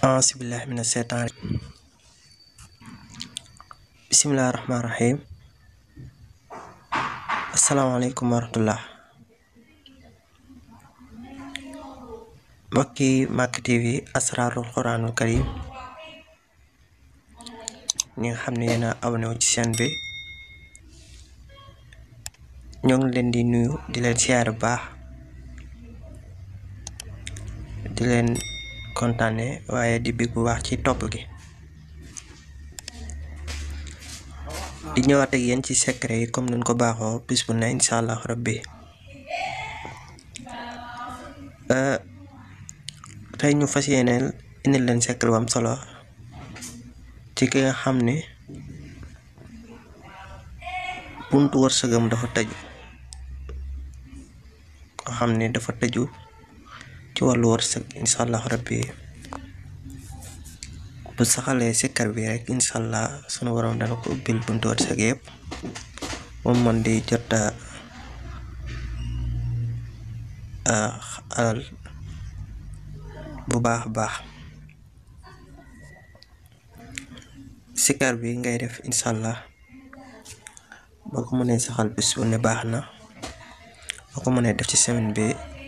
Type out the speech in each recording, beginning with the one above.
Bismillahirrahmanirrahim. Bismillahirrahmanirrahim. Assalamualaikum warahmatullah. Mbokki Màkka TV Asrarul quranul karim ñi nga xam ne yéen a abonné wu ci chaîne bi ñoo ngi leen di nuyu di leen siyaar bu baax di leen Kontane, waaye di bëgg wax ci top gi di ñëwaat ak yeen ci secret yi comme nuñ ko baxo bis bu ne inshallah rabbi euh tay ñu fas yéeneel indil leen secret bu am solo ci ki nga xam buntu wërsëgam dafa tëju dafa tëju कि वो लोअर इन रबी busaqale si rek inshallah sunu borom dana ko ubbil buntu sa yëpp mom man di ah al bu baax baax sikar bi ngay def inshallah boo ko mënee saxal bis bu ne baax na boo ko mënee def ci semaine bi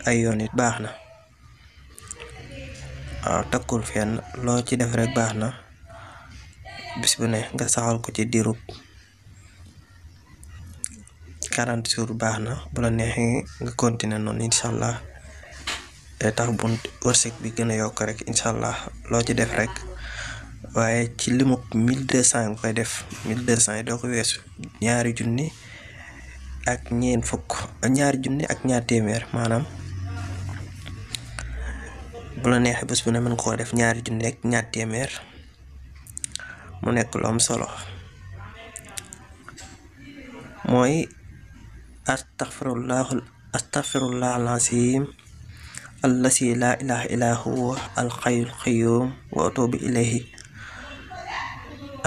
ay yonit Ah, takul takkul fenn loo ci def rek baxna bis bu ne nga saxal ko ci diirub 40 jours baxna bu la neexee nga continuer non inshallah et tax bu wërsëg bi gëna yok rek inshallah lo ci def rek waye ci limu 1200 koy def 1200 do ko wess ñaari junni ak ñeen fukk ñaari junni ak ñaar témèr manam bu la bés bu ne mën nga koo def ñaari junni rek ñaar téeméer mu nekk lu am solo mooy astaxfirullah astaxfirullah alazim allasi la ilaha illa huwa alxayyul qayyum wa atubu ilayhi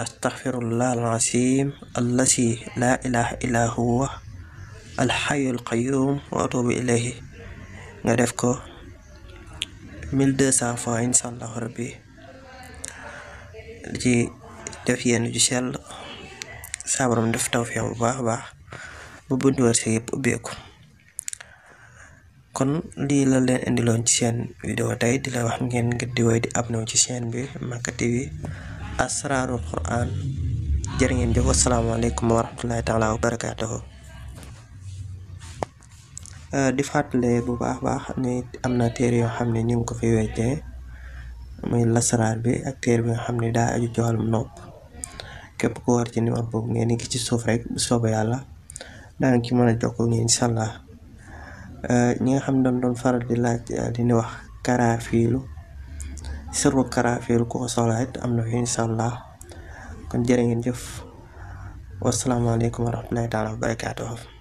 أستغفر الله العظيم الذي لا إله إلا هو الحي القيوم وأتوب إليه nga 1200 francs incha allah rabbi di ci def yenn ju sell saabaram def tawfiq bu baax a baax ba buntu wërsëg yëpp ubbeeku kon lii la leen indiloon ci seen di la wax ngeen ngir di woy di abnaw ci chaîne bi Makka TV asraarul quran jërë ngeen jëf asalaamaaleykum wa rahmatullahi taala wa Euh, di fàttale bu baax baax ni am na téere yoo xam ne ñu ngi ko fi weccee muy lasaraar bi ak téere bi nga xam ne daa aju ci wàllum nopp képp ku war ci numéro boobu ngeen ki ci suuf rek bu soobee yàlla daana ci mën a jokk ngeen incha allah euh, ñi nga xam ne doon doon faral di laaj euh, di ni wax karaafiilu sirru karaafiilu ku ko soxla am na fi incha allah kon jërë ngeen jëf wasalaamaaleykum wa rahmatulahi taala wa barakaatuh